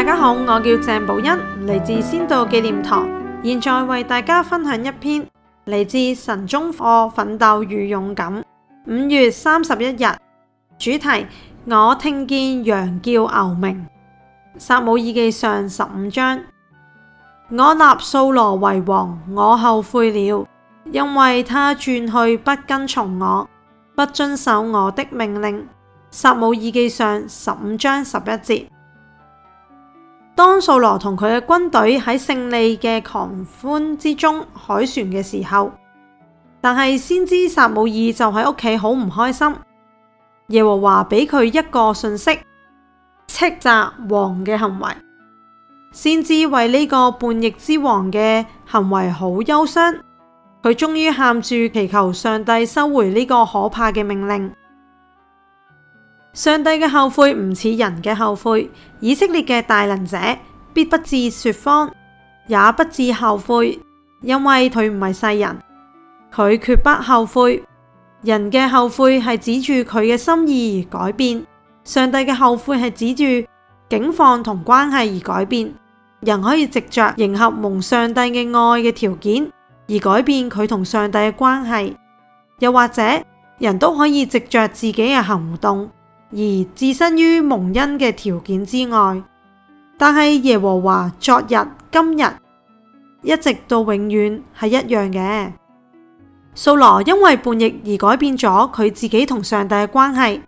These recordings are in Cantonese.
大家好，我叫鄭寶欣，嚟自仙道紀念堂，現在為大家分享一篇嚟自神中我奮鬥與勇敢。五月三十一日，主題我聽見羊叫牛鳴，撒母耳記上十五章。我立掃羅為王，我後悔了，因為他轉去不跟從我，不遵守我的命令。撒母耳記上十五章十一節。當掃羅同佢嘅軍隊喺勝利嘅狂歡之中凱旋嘅時候，但係先知撒母耳就喺屋企好唔開心。耶和華俾佢一個訊息，斥責王嘅行為。先知為呢個叛逆之王嘅行為好憂傷，佢終於喊住祈求上帝收回呢個可怕嘅命令。上帝嘅後悔唔似人嘅後悔，以色列嘅大能者必不致說謊，也不致後悔，因為佢唔係世人，佢決不後悔。人嘅後悔係指住佢嘅心意而改變，上帝嘅後悔係指住境況同關係而改變。人可以藉着迎合蒙上帝嘅愛嘅條件而改變佢同上帝嘅關係，又或者人都可以藉着自己嘅行動，而置身於蒙恩的條件之外，但是耶和華昨日今日一直到永遠是一樣的。掃羅因為叛逆而改變了他自己和上帝的關係，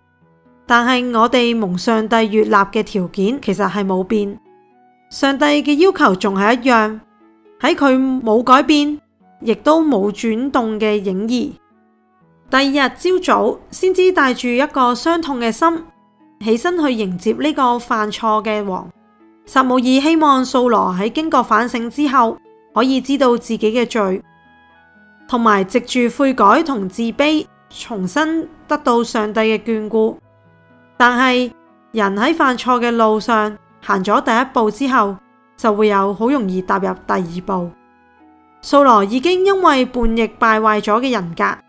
但是我們蒙上帝悅納的條件其實是沒有變。上帝的要求還是一樣，在他沒有改變，亦都沒有轉動的影兒。第二日朝早，先知帶住一個傷痛嘅心起身去迎接呢個犯錯嘅王。撒母耳希望素羅喺經過反省之後，可以知道自己嘅罪，同埋藉住悔改同自卑，重新得到上帝嘅眷顧。但係人喺犯錯嘅路上行咗第一步之後，就會有好容易踏入第二步。素羅已經因為叛逆敗壞咗嘅人格。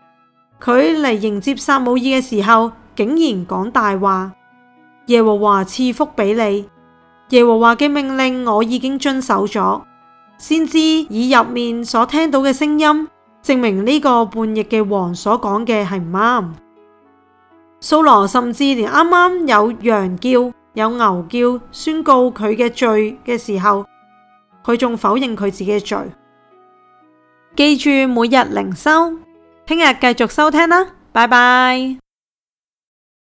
佢嚟迎接撒母耳嘅時候，竟然講大話。耶和華賜福俾你，耶和華嘅命令我已經遵守咗。先知以入面所聽到嘅聲音，證明呢個叛逆嘅王所講嘅係唔啱。掃羅甚至連啱啱有羊叫、有牛叫宣告佢嘅罪嘅時候，佢仲否認佢自己嘅罪。記住每日靈修。聽日繼續收聽啦，拜拜。